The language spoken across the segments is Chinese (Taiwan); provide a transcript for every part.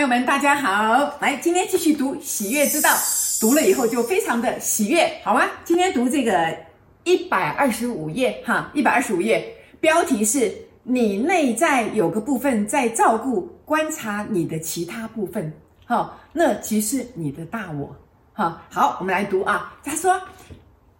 朋友們，大家好！來，今天繼續讀《喜悅之道》，讀了以後就非常的喜悅，好嗎？今天讀這個一百二十五頁，哈，一百二十五頁，標題是“你內在有個部分在照顧、觀察你的其他部分”，哈，那即是你的大我，哈。好，我們來讀啊。他說：“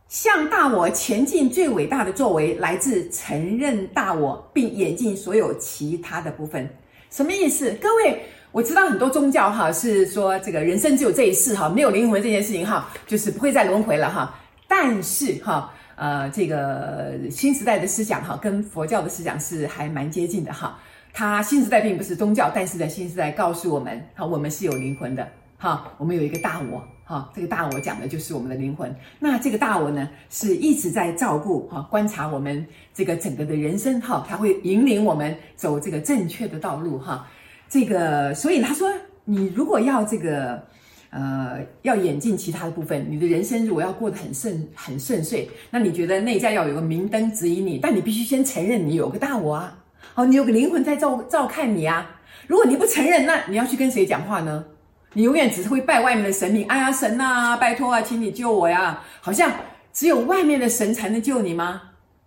向大我前進最偉大的作為，來自承認大我，並演進所有其他的部分。”什麼意思？各位？我知道很多宗教哈，是說這個人生只有這一世哈，沒有靈魂這件事情哈，就是不會再輪迴了哈。但是哈，呃，這個新時代的思想哈，跟佛教的思想是還蠻接近的哈。它新時代並不是宗教，但是在新時代告訴我們哈，我們是有靈魂的哈，我們有一個大我哈。這個大我講的就是我們的靈魂。那這個大我呢，是一直在照顧哈、觀察我們這個整個的人生哈，它會引領我們走這個正確的道路哈。這個，所以他說，你如果要這個，呃，要演進其他的部分，你的人生如果要過得很順、很順遂，那你覺得內在要有個明燈指引你，但你必須先承認你有個大我啊，哦，你有個靈魂在照照看你啊。如果你不承認，那你要去跟誰講話呢？你永遠只會拜外面的神明，哎呀，神啊，拜託啊，請你救我呀，好像只有外面的神才能救你嗎？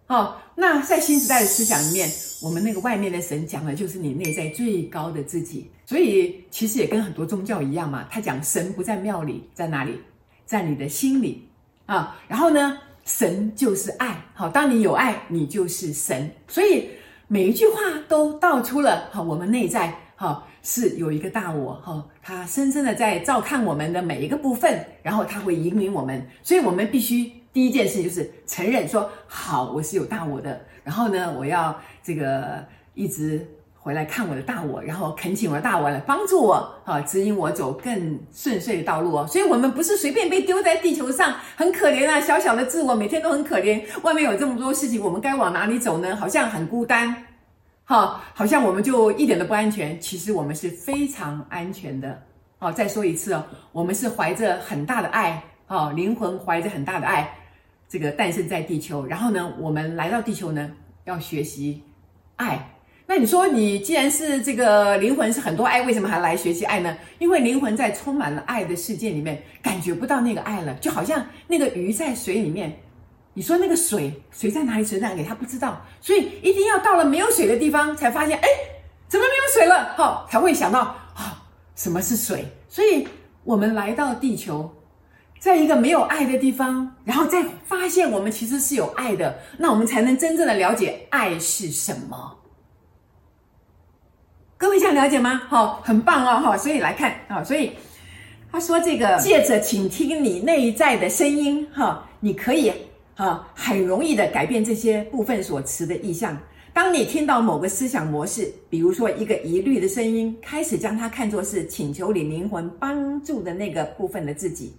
哈、哦。那在新時代的思想裡面，我們那個外面的神講的就是你內在最高的自己，所以其實也跟很多宗教一樣嘛，他講神不在廟裡，在哪裡？在你的心裡啊。然後呢，神就是愛，好，當你有愛，你就是神。所以每一句話都道出了哈，我們內在哈，是有一個大我哈，他深深的在照看我們的每一個部分，然後他會引領我們，所以我們必須。第一件事情就是承認說好，我是有大我的，然後呢，我要這個一直回來看我的大我，然後懇請我的大我來幫助我啊，指引我走更順遂的道路哦。所以，我們不是隨便被丟在地球上，很可憐啊，小小的自我每天都很可憐。外面有這麼多事情，我們該往哪裡走呢？好像很孤單，哈，好像我們就一點都不安全。其實我們是非常安全的。好，再說一次哦，我們是懷着很大的愛哦，靈魂懷着很大的愛。這個誕生在地球，然後呢，我們來到地球呢，要學習愛。那你說，你既然是這個靈魂是很多愛，為什麼還來學習愛呢？因為靈魂在充滿了愛的世界裡面，感覺不到那個愛了，就好像那個魚在水裡面，你說那個水，水在哪裡？水在哪裡？他不知道，所以一定要到了沒有水的地方，才發現，哎，怎麼沒有水了？好，才會想到，哦，什麼是水？所以我們來到地球。在一個沒有愛的地方，然後再發現我們其實是有愛的，那我們才能真正的了解愛是什麼。各位想了解嗎？好，很棒哦，哈，所以來看啊，所以他說這個借着傾聽你內在的聲音，哈，你可以哈很容易的改變這些部分所持的意向。當你聽到某個思想模式，比如說一個疑慮的聲音，開始將它看作是請求你靈魂幫助的那個部分的自己。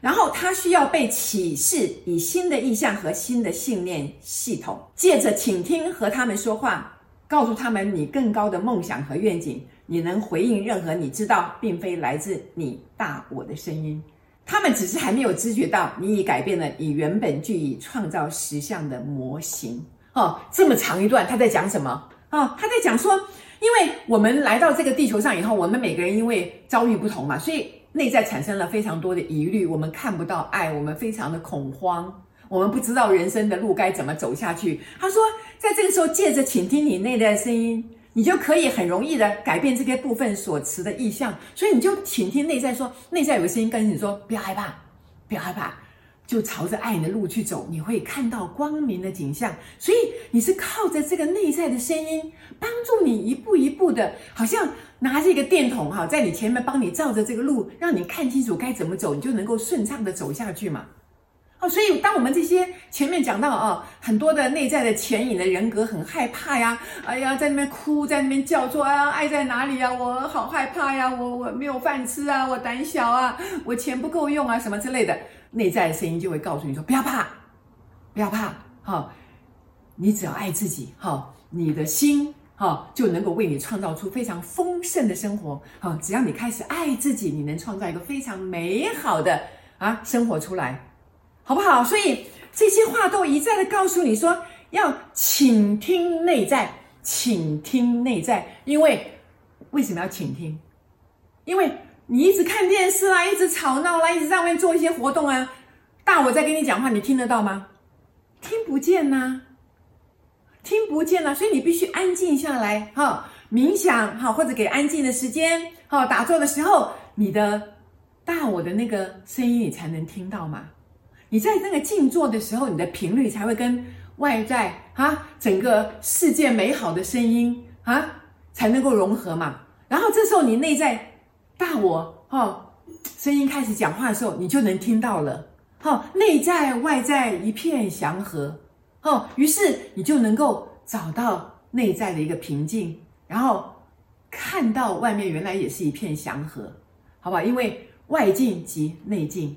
然後他需要被啟示，以新的意向和新的信念系統，借着傾聽和他們說話，告訴他們你更高的夢想和願景。你能回應任何你知道並非來自你大我的聲音。他們只是還沒有知覺到你已改變了你原本具以創造實相的模型。哦，這麼長一段他在講什麼？哦，他在講說，因為我們來到這個地球上以後，我們每個人因為遭遇不同嘛，所以。內在產生了非常多的疑慮，我們看不到愛，我們非常的恐慌，我們不知道人生的路該怎麼走下去。他說，在這個時候借着傾聽你內在的聲音，你就可以很容易的改變這些部分所持的意向。所以你就傾聽內在說，內在有個聲音跟你說，不要害怕，不要害怕。就朝着愛你的路去走，你會看到光明的景象。所以你是靠着這個內在的聲音，幫助你一步一步的，好像拿着一個電筒哈，在你前面幫你照着這個路，讓你看清楚該怎麼走，你就能夠順暢地走下去嘛。哦，所以當我們這些前面講到啊，很多的內在的潛隱的人格很害怕呀，哎呀，在那邊哭，在那邊叫着啊、哎呀，愛在哪裡呀、啊？我好害怕呀，我我沒有飯吃啊，我膽小啊，我錢不夠用啊，什麼之類的。內在的聲音就會告訴你說：“不要怕，不要怕，哈！你只要愛自己，哈，你的心，哈，就能夠為你創造出非常豐盛的生活，哈！只要你開始愛自己，你能創造一個非常美好的啊生活出來，好不好？所以這些話都一再的告訴你說，要傾聽內在，傾聽內在，因為為什麼要傾聽？因為。”你一直看電視啦、啊，一直吵鬧啦、啊，一直在外面做一些活動啊，大我在跟你講話，你聽得到嗎？聽不見吶、啊，聽不見吶、啊，所以你必須安靜下來哈、哦，冥想哈、哦，或者給安靜的時間哈、哦。打坐的時候，你的大我的那個聲音你才能聽到嘛。你在那個靜坐的時候，你的頻率才會跟外在哈、啊，整個世界美好的聲音啊才能夠融合嘛。然後這時候你內在。大我哈、哦，聲音開始講話的時候，你就能聽到了。哈、哦，內在外在一片祥和。哈、哦，於是你就能夠找到內在的一個平靜，然後看到外面原來也是一片祥和，好吧？因為外境即內境。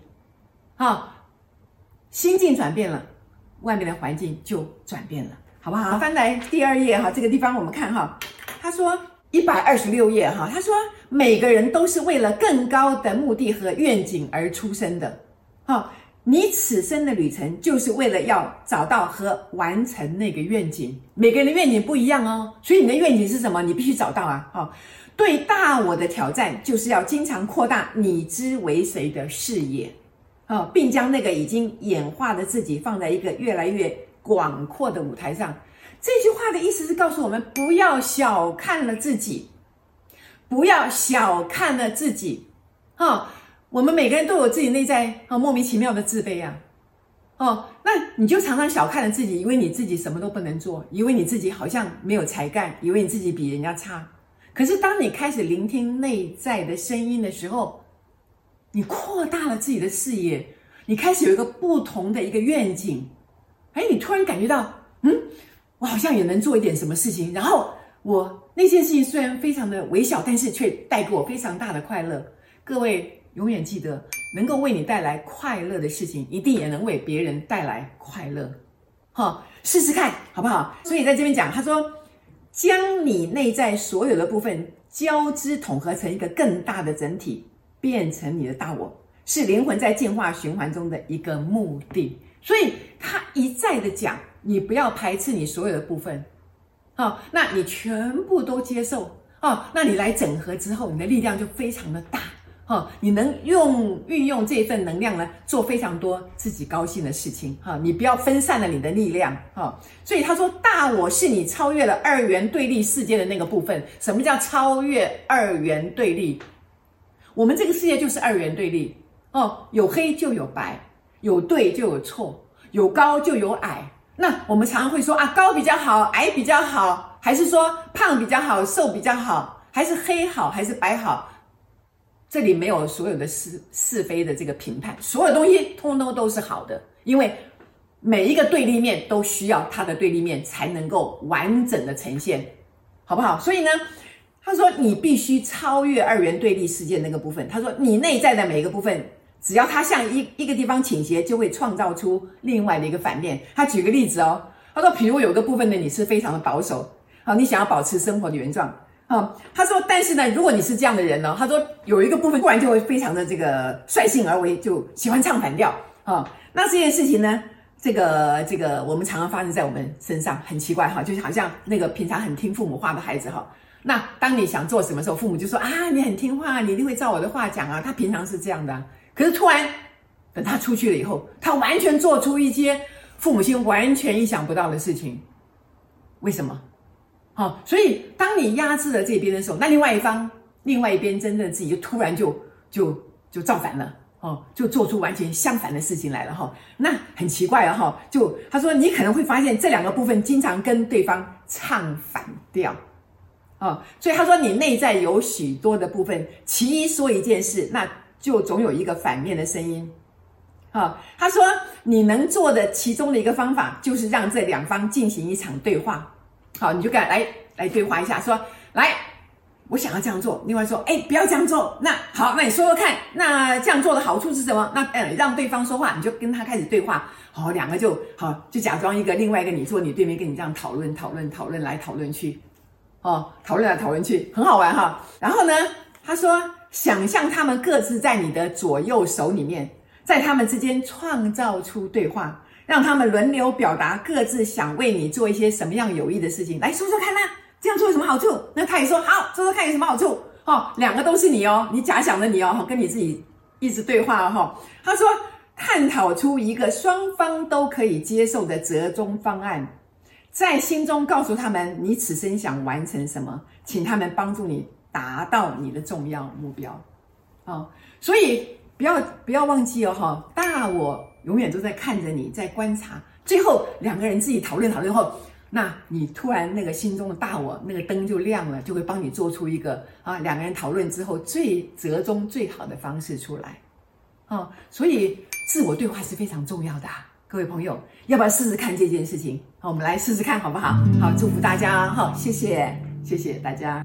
啊、哦，心境轉變了，外面的環境就轉變了，好不好？翻來第二頁哈，這個地方我們看哈，他說一百二十六頁哈，他說。每個人都是為了更高的目的和願景而出生的，哈！你此生的旅程就是為了要找到和完成那個願景。每個人的願景不一樣哦，所以你的願景是什麼？你必須找到啊！哈！對大我的挑戰就是要經常擴大你之為誰的視野，啊，並將那個已經演化的自己放在一個越來越廣闊的舞台上。這句話的意思是告訴我們，不要小看了自己。不要小看了自己，哈、哦！我們每個人都有自己內在啊、哦、莫名其妙的自卑啊，哦，那你就常常小看了自己，以為你自己什麼都不能做，以為你自己好像沒有才幹，以為你自己比人家差。可是當你開始聆聽內在的聲音的時候，你擴大了自己的視野，你開始有一個不同的一個願景，哎，你突然感覺到，嗯，我好像也能做一點什麼事情，然後我。這件事情雖然非常的微小，但是卻帶給我非常大的快樂。各位永遠記得，能夠為你帶來快樂的事情，一定也能為別人帶來快樂。哈、哦，試試看好不好？所以在這邊講，他說，將你內在所有的部分交織統合成一個更大的整體，變成你的大我，是靈魂在進化循環中的一個目的。所以他一再的講，你不要排斥你所有的部分。好、哦，那你全部都接受哦，那你來整合之後，你的力量就非常的大哦。你能用運用這一份能量呢，做非常多自己高興的事情哈、哦。你不要分散了你的力量哈、哦。所以他說，大我是你超越了二元對立世界的那個部分。什麼叫超越二元對立？我們這個世界就是二元對立哦，有黑就有白，有對就有錯，有高就有矮。那我們常常會說啊，高比較好，矮比較好，還是說胖比較好，瘦比較好，還是黑好，還是白好？這裡沒有所有的是是非的這個評判，所有東西通通都是好的，因為每一個對立面都需要它的對立面才能夠完整的呈現，好不好？所以呢，他說你必須超越二元對立世界那個部分，他說你內在的每一個部分。只要他向一一個地方傾斜，就會創造出另外的一個反面。他舉個例子哦，他說，譬如有個部分呢，你是非常的保守，好、哦，你想要保持生活的原狀，啊、哦，他說，但是呢，如果你是這樣的人呢、哦，他說有一個部分，不然就會非常的這個率性而為，就喜歡唱反調，啊、哦，那這件事情呢，這個這個我們常常發生在我們身上，很奇怪哈、哦，就好像那個平常很聽父母話的孩子哈、哦，那當你想做什麼時候，父母就說啊，你很聽話，你一定會照我的話講啊，他平常是這樣的、啊。可是突然，等他出去了以後，他完全做出一些父母親完全意想不到的事情，為什麼？好、哦，所以當你壓制了這邊的時候，那另外一方、另外一邊，真的自己就突然就就就造反了，哦，就做出完全相反的事情來了，哈、哦。那很奇怪了、哦，就他說，你可能會發現這兩個部分經常跟對方唱反調，哦。所以他說你內在有許多的部分，其一說一件事，那。就總有一個反面的聲音，哈、哦，他說你能做的其中的一個方法就是讓這兩方進行一場對話，好，你就跟他來來對話一下，說來，我想要這樣做，另外說，哎、欸，不要這樣做，那好，那你說說看，那這樣做的好處是什麼？那嗯、欸，讓對方說話，你就跟他開始對話，好，兩個就好，就假裝一個另外一個你坐你對面跟你這樣討論討論討論來討論去，哦，討論來討論去，很好玩哈。然後呢，他說。想象他們各自在你的左右手裡面，在他們之間創造出對話，讓他們輪流表達各自想為你做一些什麼樣有益的事情，來說說看吶、啊。這樣做有什麼好處？那他也說好，說說看有什麼好處。哦，兩個都是你哦，你假想的你哦，跟你自己一直對話哦，他說，探討出一個雙方都可以接受的折中方案，在心中告訴他們你此生想完成什麼，請他們幫助你。達到你的重要目標，啊，所以不要不要忘記哦，大我永遠都在看着你，在觀察。最後兩個人自己討論討論後，那你突然那個心中的大我那個燈就亮了，就會幫你做出一個啊，兩個人討論之後最折中最好的方式出來，啊，所以自我對話是非常重要的，啊，各位朋友，要不要試試看這件事情？好，我們來試試看好不好？好，祝福大家好，哦，謝謝，謝謝大家。